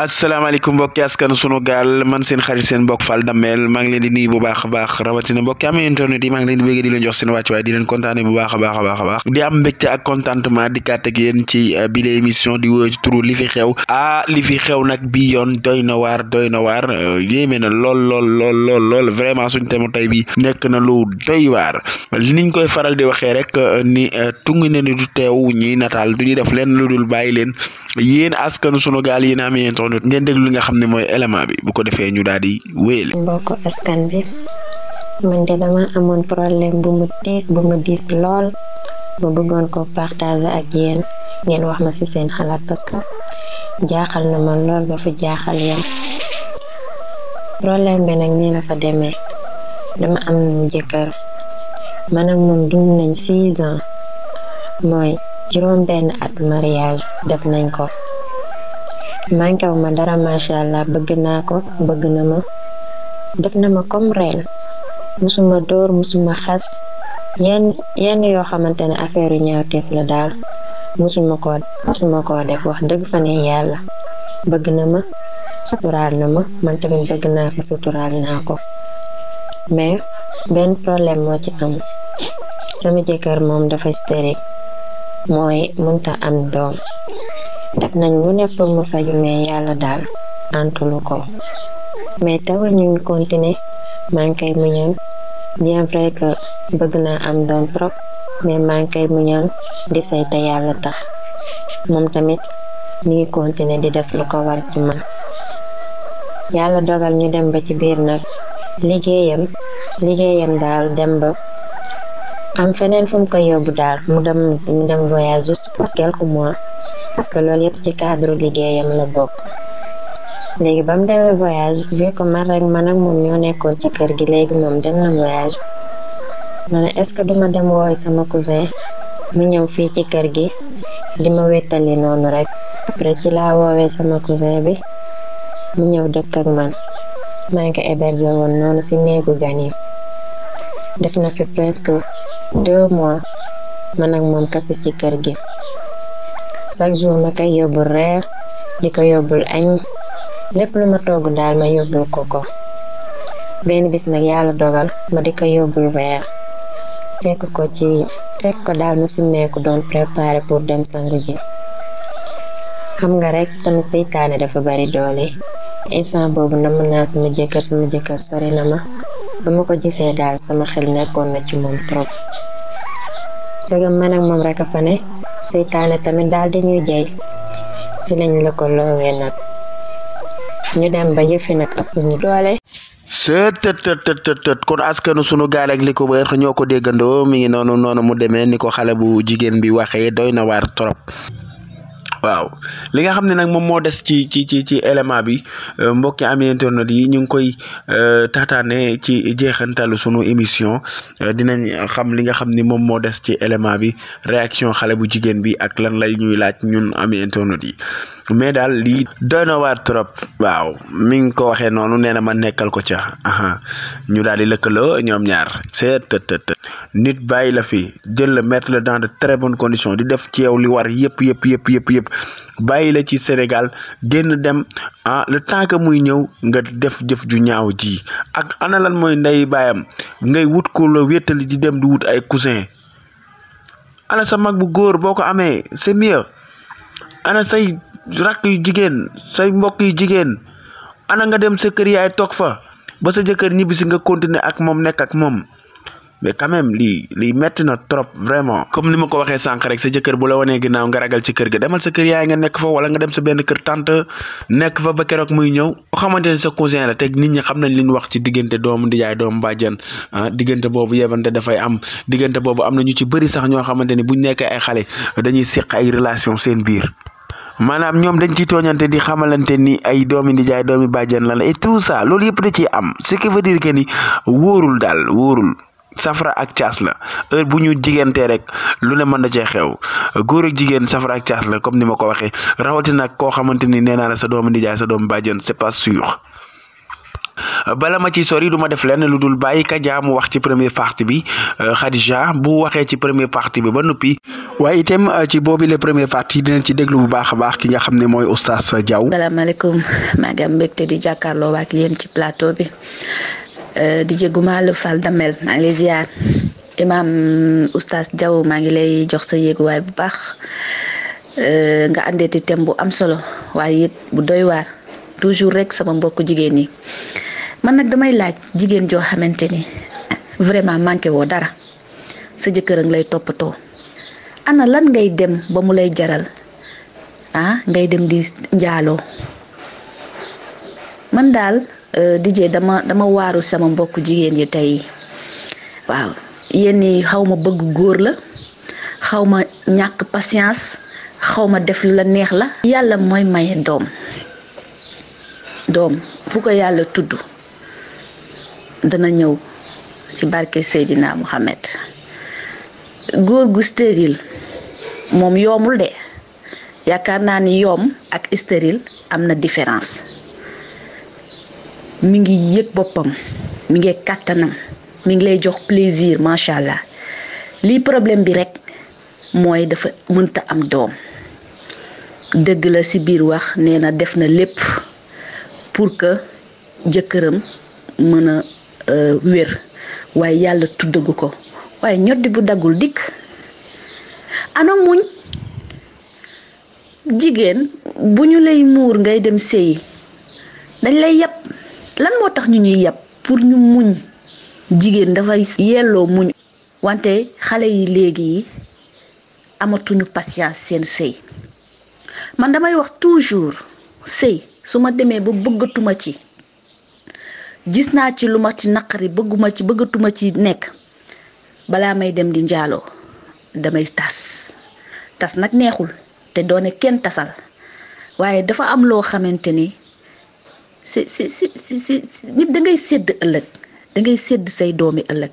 asalaamaaleykum mbokki askan sunu gaal man seen xarit seen mbokk Fall Damel maa ngi leen di nuyu bu baax a baax rawatina mbokki amee internet yi maa ngi leen di bëgg di leen jox seen wàccuwaay di leen kontaane bu baax baax baax di am mbégte ak contentement di kàtt ak yéen ci euh, bile émission di wóo ci turu fi xew ah li fi xew nag bi yoon doy na waar doy na waar euh, yéeme na lool lool lool lool lool vraiment suñ temu tey bi nekk na lu doy waar niñ koy faral di waxee rek euh, ni tungi ne ni nataal du ñu def leen lu dul bàyyi leen yéen askan gaal yéen amee internet ngeen déglu nga xam ne mooy élément bi bu ko defee ñu daal di wéyale. mbokk askan bi man de dama amoon problème bu mu diis lool mu diis ko partager ak yéen ngeen wax ma ci seen xalaat parce que jaaxal na ma lool ba fa jaaxal yam problème bi nag nii la fa demee dama am nu jëkkër man moom dund nañ six ans mooy juróom benn at mariage def nañ ko. manqué ma dara macha allah bëgg naa ko bëgg na ma def na ma comme reen musuma dóor musuma xas yenn yenn yoo xamante ne affaire yu ñaawteef la daal mosuma ko musuma koo def wax dëgg fa ne yàlla bëgg na ma suturaal na ma man tamit bëgg naa ko suturaal naa ko mais benn problème moo ci am sama jëkkër moom dafa hystérique mooy mënta am doom seet nañ lu ne mu faju mais yàlla daal antulu ko mais tawul ñu ngi continuer maa ngi koy muñal bien vrai que bëgg naa am doom trop mais maa ngi koy muñal di say te yàlla tax moom tamit mi ngi continuer di def lu ko war ci man yàlla dogal ñu dem ba ci biir nag liggéeyam liggéeyam daal dem ba am feneen fu ko yóbbu daal mu dem dem voyage juste pour quelques mois parce que loolu yëpp ci cadre liggéeyam la bokk léegi bam mu demee voyage vu que man rek man ak moom ñoo nekkoon ci kër gi léegi moom dem na voyage ma est-ce que duma dem wooy sama cousin mu ñëw fii ci kër gi di ma wettali noonu rek après ci laa woowee sama cousin bi mu ñëw dëkk ak man maa ngi ko hébergé woon noonu si néegu gan def na fi presque deux mois man ak moom kese ci kër gi chaque jour ma koy yóbbul reer di ko yóbbul añ lépp lu ma togg daal ma yóbbul ko ko benn bis nag yàlla dogal ma di ko yóbbul reer fekk ko ci fekk ko daal ma simmeeku doon préparé pour dem sangu ji xam nga rek tamit seytaane dafa bari doole instant boobu namm naa sama jëkkër sama jëkkër sori na ma ba ma ko gisee daal sama xel nekkoon na ci moom trop sega man ak moom rek a fa seytaane tamit daal di ñuy jey si lañ la ko loowee ñu dem ba yëfi nag ëpp ñu doole sëtët tët tët kon askanu sunu gaal ak li ko wër ñoo ko déggandoo mi ngi noonu noonu mu demee ni ko xale bu jigéen bi waxee doy na waar trop waaw li nga xam ne nag moom moo des ci ci ci ci élément bi euh, mbokki am internet yi ñu ngi koy euh, taataane ci jeexantalu sunu émission euh, dinañ xam li nga xam ni moom moo des ci élément bi réaction xale bu jigéen bi ak lan lay ñuy laaj ñun am internet yi mais daal lii doy na waar trop waaw mi ngi ko waxee noonu nee na ma nekkal ko ca ñu daal di lëkkaloo ñoom ñaar seet nit bàyyi la fi jël la mettre la dans de très bonnes conditions di def ci yow li war yëpp yëpp yëpp yëpp yëpp bàyyi la ci Sénégal génn dem ah le temps que muy ñëw nga def jëf ju ñaaw ji ak ana lan mooy ndey baayam ngay wut ko la wéttali di dem di wut ay cousin ana sa mag bu góor boo ko amee c'est ana say rakk yu jigéen say mbokk yu jigéen ana nga dem sa kër yaay toog fa ba sa jëkkër ñibbisi nga continuer ak moom nekk ak moom mais quand même lii lii metti na trop vraiment comme ni ma ko waxee sànq rek sa jëkkër bu la wanee ginnaaw nga ragal ci kër ga demal sa kër yaay nga nekk fa wala nga dem sa benn kër tante nekk fa ba keroog muy ñëw ko xamante ne sa cousin la teg nit ñi xam nañ li ñu wax ci diggante doomu ndijaay doomu bàjjan ah, diggante boobu yebante dafay am diggante boobu am na ñu ci bëri sax ñoo xamante ni buñ nekkee ay xale dañuy seq ay relation seen biir maanaam ñoom dañ ciy tooñante di xamalante ni ay doomi nijaay doomi bàjjan la et tout ça loolu yëpp da ciy am ce qui veut dire que ni wóorul daal wóorul safara ak caas la heure bu ñu jigéentee rek lu ne mën na cee góor ak jigéen safara ak caas la comme ni ma ko waxee rawatina koo xamante ni nee naa la sa doomu nijaay sa doomu bàjjan c'est pas sûr. bala ma ci sori du ma def lenn lu dul bàyyi Kaja mu wax ci premier partie bi euh, Khadija bu waxee ci première partie bi ba noppi. waaye itam euh, ci boobu le premier partie dinañ ci déglu bu baax a baax ki nga xam ne mooy oustaz Diaw. salaamaaleykum maa ngi am di jàkkaarloo ak yéen ci plateau bi euh, di jéguma lu fal damel maa ngi lay ziar imaam oustaz maa ngi lay jox sa yéeguwaay bu baax euh, nga àndeeti thème bu am solo waaye it bu doy waar toujours rek sama mbokku jigéen ñi man nag damay laaj jigéen joo xamante ni vraiment manqué woo dara sa jëkkër lay toppatoo. ana lan ngay dem ba mu lay jaral ah, ngay dem di njaaloo man daal euh, dije dama dama waaru sama mbokk jigéen yi tey waaw yenn xaw ma bëgg góor la xaw ma ñàkk patience xaw ma def lu la neex la. yàlla mooy may doom doom fu ko yàlla tudd dana ñëw ci barke Seydina Muhammad. góor gu stérile moom yoomul de yaakaar naa ni yoom ak stérile am na différence mi ngi yëg boppam mi ngi kàttanam mi ngi lay jox plaisir macha allah lii problème bi rekk mooy dafa mënta am doom dëgg la si biir wax nee na def na lépp pour que jëkkëram mën a euh, wér waaye yàlla tuddagu ko waaye ñoddi bu daggul dikk ana muñ jigéen bu ñu lay muur ngay dem séyi dañ lay yàpp lan moo tax ñu ñuy yàpp pour ñu muñ jigéen dafay yelloo muñ wante xale yi léegi yi amatuñu patience seen sëy man damay wax toujours sëy su ma demee ba bëggatuma ci gis naa ci lu ma ci naqari bëgguma ci bëggatuma ci nekk balaa may dem di njaaloo damay tas tas nag neexul te doone kenn tasal waaye dafa am loo xamante ni si si si si nit da ngay ëllëg da ngay sédd say doomi ëllëg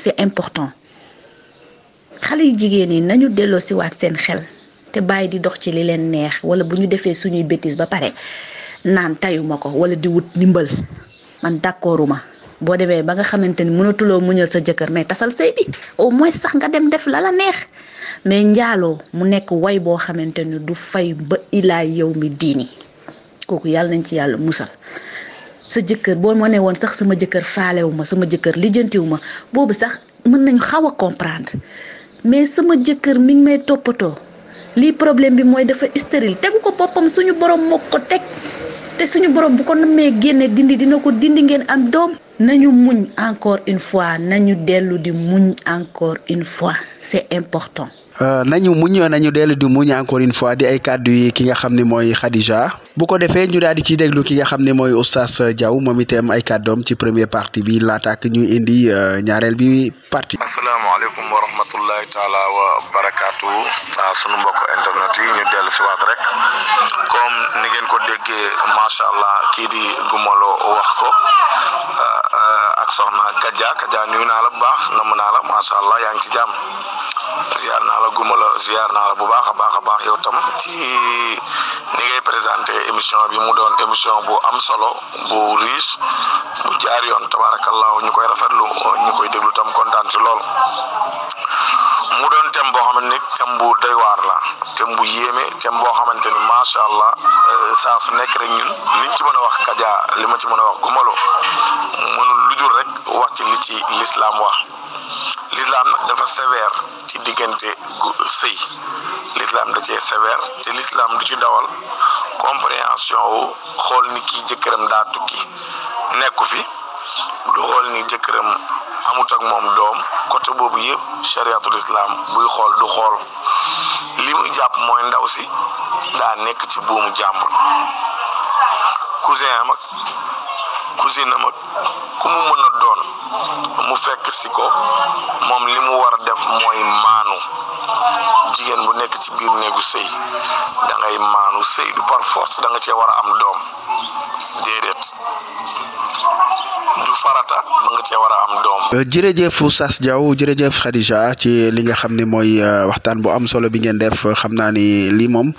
c'est important xale yu jigéen yi nañu delloo si waat seen xel te bàyyi di dox ci li leen neex wala bu ñu defee suñuy bêtise ba pare naan tayuma ko wala di wut ndimbal man d'accorduma boo demee ba nga xamante ni mënatuloo muñal sa jëkkër mais tasal sëy bi au moins sax nga dem def la la neex mais njaaloo mu nekk way boo xamante ni du fay ba illaay yow mi diini kooku yàlla nañ ci yàlla musal sa jëkkër boo ma ne woon sax sama jëkkër faalewu ma sama jëkkër lijjantiwu ma boobu sax mën nañu xaw a comprendre mais sama jëkkër mi ngi may toppatoo lii problème bi mooy dafa stérile tegu ko boppam suñu borom moo ko teg te suñu borom bu ko namee génne dindi dina ko dindi ngeen am doom nañu muñ encore une fois nañu dellu di muñ encore une fois c'est important. Euh, nañu muñ nañu dellu di muñ encore une fois di ay kàddu yi ki nga xam ne mooy Khadija bu ko defee ñu daal di ci déglu ki nga xam ne mooy Oustaz Diaw moom itam ay kàddoom ci premier parti bi laata ak ñuy indi euh, ñaareel bi partie. asalaamaaleykum wa rahmatullahi taala wa barakaatu ah, sunu mbokk internet yi ñu dellu si waat rek comme ni ngeen ko déggee macha allah kii di Gumalo wax ko. Ah, ak soxna Kadja Kadja nuyu naa la bu baax namm naa la macha allah yaa ngi ci jàmm ziar naa la guma la ziar na la bu baax a baax a baax yow tam ci ni ngay présenté émission bi mu doon émission bu am solo bu riche bu jaar yoon tabarakallah ñu koy rafetlu ñu koy déglu tam kontaan ci lool mu doon thème boo xamante ni thème bu doy waar la thème bu yéeme thème boo xamante ni macha allah eh, saa su nekk rek ñun liñ ci mën a wax Kadja li ma ci mën a wax gumalo mënul dul rek wax ci ci lislaam wax lislaam dafa sévère ci diggante sëy lislaam da cee sévère te lislaam du ci dawal compréhension wu xool ni ki jëkkëram daa tukki nekku fi du xool ni jëkkëram amut ak moom doom côté boobu yëpp chariatul islam buy xool du xool limuy jàpp mooy ndaw si daa nekk ci buumu jàmbur cousin am ak cousine ku mu mën a doon mu fekk si ko moom li mu war a def mooy maanu jigéen bu nekk ci biir néegu sëy da maanu sëy du par force da nga cee war a am doom déedéet du farata mu nga cee war a euh, jërëjëf Oustaz Diaw ci li nga xam ne mooy euh, waxtaan bu am solo bi ngeen def euh, xam naa ni lii moom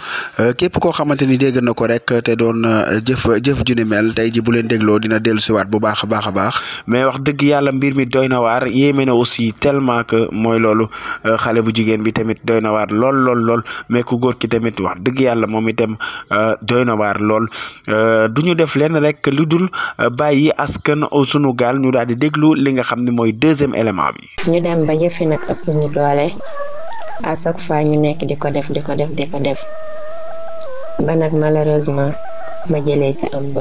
képp koo xamante ni dégg na ko rek te doon jëf jëf ju ni mel tey ji bu leen dégloo dina dellusiwaat bu baax a baax a baax. mais wax dëgg yàlla mbir mi doy na waar yéeme na aussi tellement que mooy loolu xale bu jigéen bi tamit doy na waar lool lool mais ku góor ki tamit wax dëgg yàlla moom itam doy na waar lool du ñu def leen rek lu dul bàyyi askan sunu gaal ñu daal di déglu li nga xam ne mooy deuxième élément bi. ñu dem ba yëfi nag ëpp ñu doole à chaque fois ñu nekk di ko def di ko def di ko def ba nag malheureusement ma jëlee si ëmb.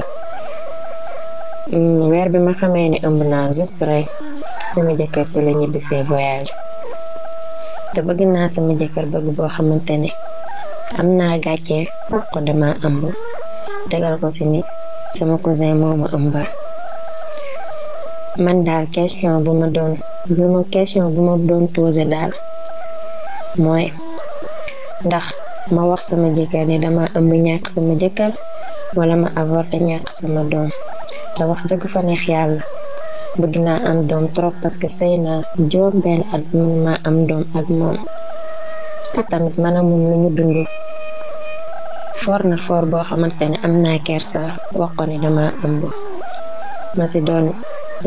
Hmm, weer bi ma xamee ni ëmb naa juste rek sama jëkkër si la ñibbisee voyage te bëgg naa sama jëkkër bëgg boo xamante ne am naa gàccee ko dama ëmb tegal ko si ni sama cousin moo ma ëmbal man daal question bu ma doon bu question bu ma doon posé daal mooy ndax ma wax sama jëkkër ni dama ëmb ñàkk sama jëkkër wala ma avorté ñàkk sama doom te wax dëgg fa neex yàlla bëgg naa am doom trop parce que sëy na juróom benn am doom ak moom te tamit man a mun lu ñu na for boo xamante ne am naa kersa wax ko ni dama ëmb ma si doon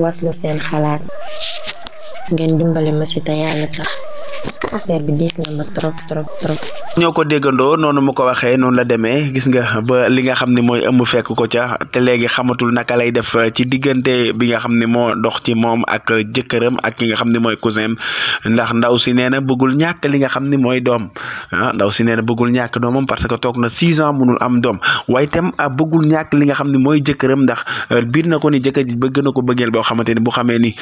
was ma seen xalaat ngeen dimbali ma si te tax parce que affaire ñoo ko déggandoo noonu mu ko waxee noonu la demee gis nga ba li nga xam ne mooy ëmb fekk ko ca te léegi xamatul naka lay def euh, ci diggante bi nga xam ne moo dox ci moom ak euh, jëkkëram ak ki nga xam ne mooy cousin ndax ndaw si nee na bëggul ñàkk li nga xam ni mooy doom ah ndaw si nee na bëggul ñàkk doomam parce que toog na six ans mënul am doom waaye itam ah, bëggul ñàkk li nga xam ni mooy jëkkëram ndax euh, biir na ko ni jëkkër ji bëgg na ko bëggeel boo xamante ni bu xame ni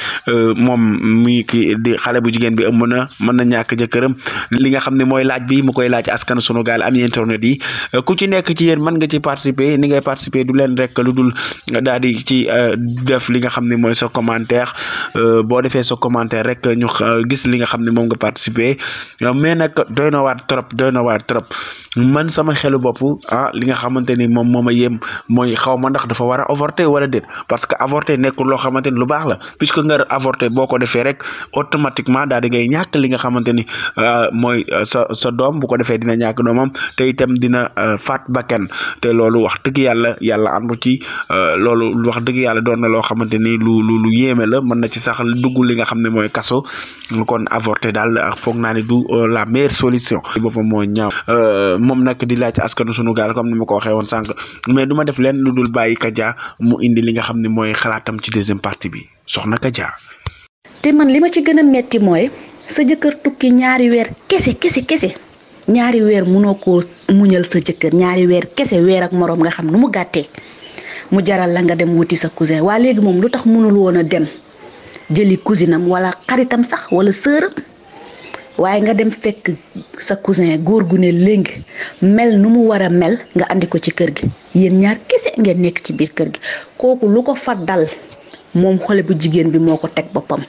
moom mi ki di xale bu jigéen bi ëmb na mën ñàkk jëkkëram li nga xam ne mooy laaj bi mu koy laaj askan sunu gaal am internet yi ku ci nekk ci yéen man nga ci participer ni ngay participer du leen rek lu dul daal di ci euh, def li nga xam ne mooy sa commentaire euh, boo defee sa commentaire rek ñu euh, gis li nga xam ne moom nga participer mais nag doy na waat trop doy na waat trop man sama xelu bopp ah li nga xamante ni moom moo ma yem mooy xaw ma ndax dafa war a avorter wara déet parce que avorter nekkul loo xamante ni lu baax la puisque nga avorter boo ko defee rek automatiquement daal di ngay li nga xamante ni euh, mooy euh, sa sa doom bu ko defee dina ñàkk doomam te itam dina euh, faat bakkan te loolu wax dëgg yàlla yàlla àndu ci loolu wax dëgg yàlla doon na loo xamante ni lu lu lu yéeme la mën na ci sax dugg li nga xam ne mooy kaso kon avorter daal foog naa ne du la meilleure solution boppam mooy ñaaw moom nag di laaj askanu sunu gaal comme ni ma ko waxee woon sànq mais du ma def leen lu dul bàyyi Kaja mu indi li nga xam ne mooy xalaatam ci deuxième partie bi soxna Kaja. te man li ma ci gën a metti mooy sa jëkkër tukki ñaari weer kese kese kese ñaari weer munoo koo muñal sa jëkkër ñaari weer kese weer ak moroom nga xam nu mu gàttee mu jaral la nga dem wuti sa cousin waa léegi moom lu tax mënul woon a dem jëli cousinam wala xaritam sax wala sëram waaye nga dem fekk sa cousin góor gu ne léegi mel nu mu war a mel nga andi ko ci kër gi yéen ñaar kese ngeen nekk ci biir kër gi kooku lu ko fa dal moom xale bu jigéen bi moo ko teg boppam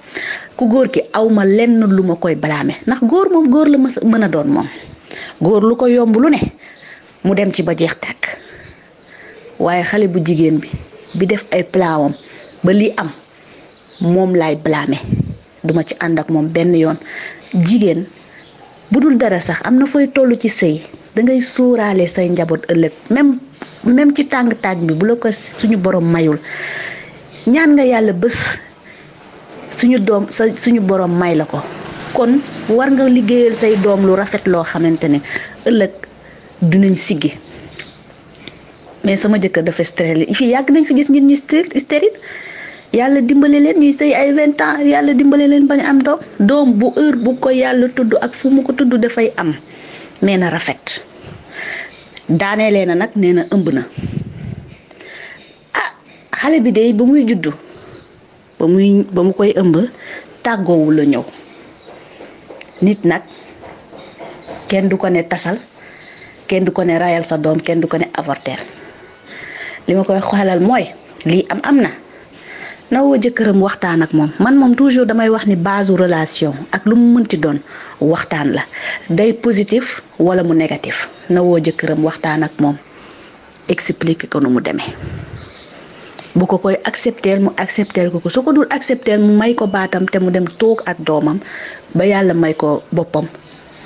ku góor ki aw ma lenn lu ma koy balaame ndax góor moom góor la mën a doon moom góor lu ko yomb lu ne mu dem ci ba jeex tàkk waaye xale bu jigéen bi bi def ay plaawam ba lii am moom lay balaame duma ci ànd ak moom benn yoon jigéen bu dul dara sax am na fooy toll ci sëy dangay suuraale say njaboot ëllëg même même ci tàng taaj bi bu la ko suñu boroom mayul ñaan nga yàlla bés suñu doom suñu boroom may la ko kon war nga liggéeyal say doom lu rafet loo xamante ne ëllëg nañ siggi mais sama jëkkër dafa stérile yàgg nañ fi gis nit ñi stérile yàlla dimbali leen ñuy sëy ay vingt ans yàlla dimbali leen bañ am doom doom bu heure bu ko yàlla tudd ak fu mu ko tudd dafay am mais na rafet daanelee na nag nee na ëmb na ah xale bi de ba muy juddu ba muy ba mu koy ëmb tàggoowu la ñëw nit nag kenn du ko ne tasal kenn du ko ne rayal sa doom kenn du ko ne avorter li ma koy xelal mooy lii am am na. nawoo jëkkëram waxtaan ak moom man moom toujours damay wax ni base relation ak lu mu mënti doon waxtaan la day positif wala mu négatif na woo jëkkëram waxtaan ak moom expliquer ko nu mu demee. bu ko koy accepter mu accepter ko ko su ko dul accepter mu may ko baatam te mu dem toog ak doomam ba yàlla may ko boppam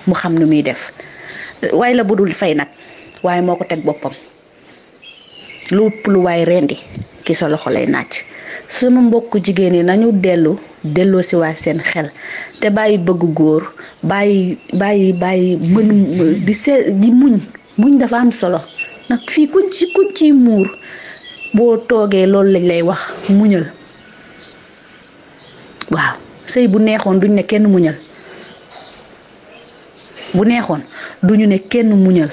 mu xam nu muy def wayla la budul fay nag waaye moo ko teg boppam lu lu waay rendi ki sa loxo lay naaj. sama mbokku jigéen ñi nañu dellu delloo si waat seen xel te bàyyi bëgg góor bàyyi bàyyi bàyyi mën di seet di muñ muñ dafa am solo nag fii kuñ ci kuñ ciy muur boo toogee loolu lañ lay wax muñal waaw sëy bu neexoon duñ ne kenn muñal bu neexoon duñu ne kenn muñal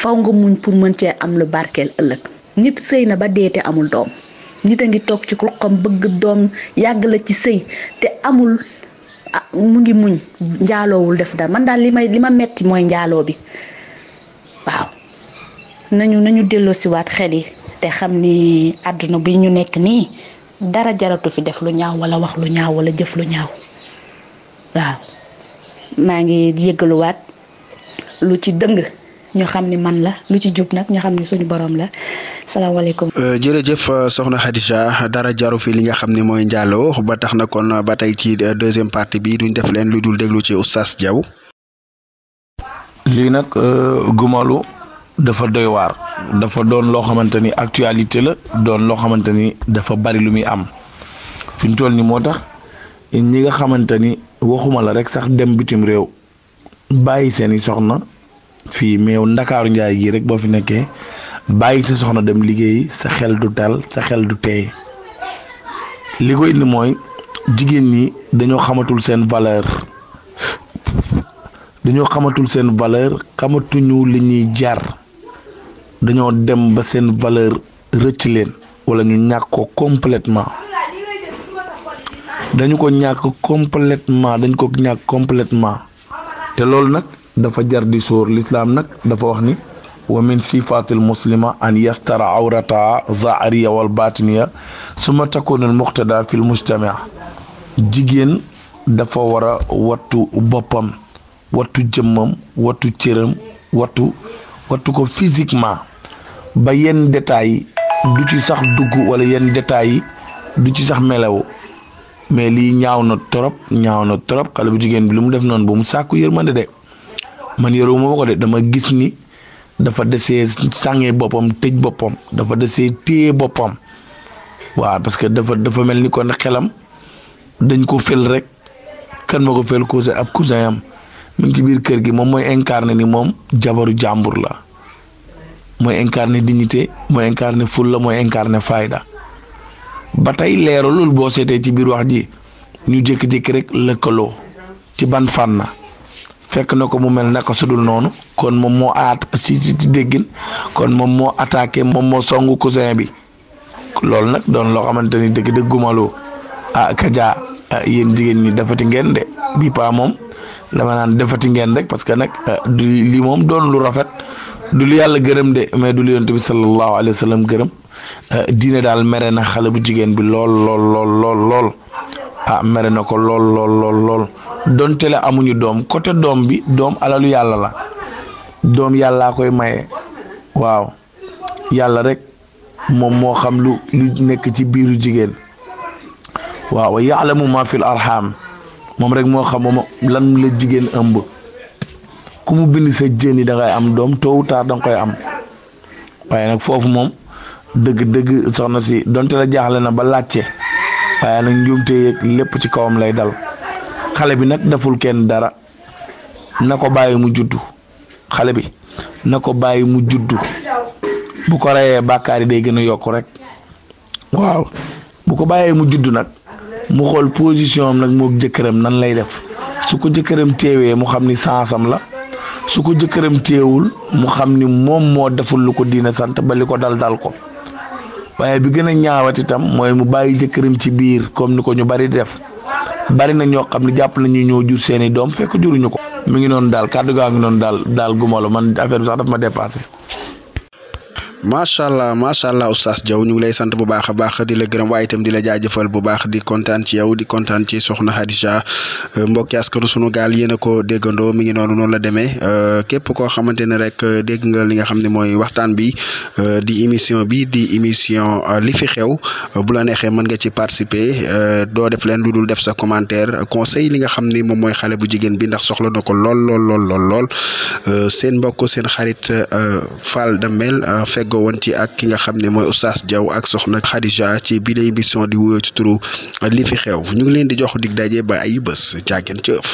faw nga muñ pour mën cee am lu barkeel ëllëg nit sëy na ba deete amul doom nit a ngi toog ci ruqam bëgg doom yàgg la ci sëy te amul ah, mu ngi muñ njaaloowul def dara man daal li may metti mooy njaaloo bi waaw nañu nañu delloosiwaat xel yi te xam ni àdduna bi ñu nekk nii dara jaratu fi def lu ñaaw wala wax lu ñaaw wala jëf lu ñaaw waaw maa ngi yëgaluwaat lu ci dëng ñoo xam ni man la lu ci jub nag ñu xam ni suñu borom la salaamaaleykum. Euh, jërëjëf euh, soxna Khadija dara jaru fi li nga xam ne mooy njàlloo ba tax na kon ba tey ci euh, deuxième partie bi duñ def leen lu dul déglu ci oustaz jaw lii nag gumalu dafa doy waar dafa doon loo xamante ni actualité la doon loo xamante ni dafa bari lu muy am fi mu toll nii moo tax ñi nga xamante ni waxuma la rek sax dem bitim réew bàyyi seeni soxna fii mais Ndakaaru Njaay gi rek boo fi nekkee. bàyyi sa soxna dem liggéey sa xel du dal sa xel du teey li ko indi mooy jigéen ñi dañoo xamatul seen valeur dañoo xamatul seen valeur xamatuñu li ñuy jar dañoo dem ba seen valeur rëcc leen wala ñu ñàkk ko complètement dañu ko ñàkk complètement dañ ko ñàkk completement te loolu nag dafa jar di sóor lislaam nag dafa wax ni wa min sifatil muslima an yastara awrata zaariya wal batiniya suma takunul muqtada fil mujtama jigéen dafa war a wattu boppam wattu jëmmam wattu cëram wattu wattu ko physiquement ba yenn détails du ci sax dugg wala yenn détails yi du ci sax melew mais lii ñaaw na torop ñaaw na trop xale bu jigéen bi lu mu def noonu bu mu sàkku yërmande de man yëruma ko de dama gis ni dafa desee sangee boppam tëj boppam dafa desee téye boppam waaw parce que dafa dafa mel ni kon xelam dañ ko fel rek kan ma ko fel cousin ab cousin am mu ci biir kër gi moom mooy incarné ni moom jabaru jàmbur la mooy incarné dignité mooy incarné fulla mooy incarné fayda ba tey leeralul boo seetee ci biir wax ji ñu jékki-jékki rek lëkkaloo ci ban fànn fekk na ko mu mel naka sudul noonu kon moom moo aat si ci déggin kon moom moo attaqué moom moo songu cousin bi loolu nag doon loo xamante ni dëgg dëggumaloo a ah Kaja ah, yéen jigéen ñi defati ngeen de bii paa moom dama naan defati ngeen rek parce que nag ah, du lii moom doon lu rafet du lu yàlla gërëm de mais du lu yonent bi sallallahu alayhi wa sallam gërëm diine daal mere na xale bu jigéen bi lool lool lool lool lool. ah mere na ko lool lool lool lool donte la amuñu doom côté doom bi doom alalu yàlla la doom yàllaa koy maye waaw yàlla rek moom moo xam lu lu nekk ci biiru jigéen waaw wa yaalamu ma fil arham moom rek moo xam moom lan la jigéen ëmb ku mu bind sa jën yi da am doom tôt ou tard koy am waaye nag foofu moom dëgg-dëgg soxna si donte jaaxle na ba laajte. waaye nag njuumte yeeg lépp ci kawam lay dal xale bi nag deful kenn dara na ko bàyyi mu juddu xale bi na ko bàyyi mu juddu bu ko reyee bàkkaar day gën a yokku rek waaw bu ko bàyyee mu juddu nag mu xool position am nag moo jëkkëram nan lay def su ko jëkkëram teewee mu xam ni sansam la su ko jëkkëram teewul mu xam ni moom moo deful lu ko diina sant ba li ko dal dal ko waaye bi gën a ñaawat itam mooy mu bàyyi jëkkëram ci biir comme ni ko ñu bari def bari na ñoo xam ne jàpp nañu ñoo jur seeni doom fekk juruñu ko mu ngi noonu daal kàddu gaa ngi noonu daal daal gumalu man affaire bi sax daf ma dépassé macha allah macha allah oustaz jow ñu ngi lay sant bu baax a baax di la gërëm waaye itam di la jaajëfal bu baax di kontaan ci yow di kontaan ci soxna Hadija euh, mbokki askanu sunu gaal yéen ko déggandoo mi ngi noonu noonu la demee euh, képp koo xamante ne rek euh, dégg nga li nga xam ne mooy waxtaan bi di émission bi di émission li fi xew bu la neexee mën nga ci participer doo def leen lu dul def sa commentaire conseil li nga xam ni moom mooy xale bu jigéen bi ndax soxla na ko lool lool lool lool lool seen mbokk seen xarit Fall Damel feggo ko ci ak ki nga xam ne mooy Oustaz Diaw ak soxna Khadija ci bile émission di wuyoo ci turu li fi xew ñu ngi leen di jox dig daje ba ay bés jaageen ci ëf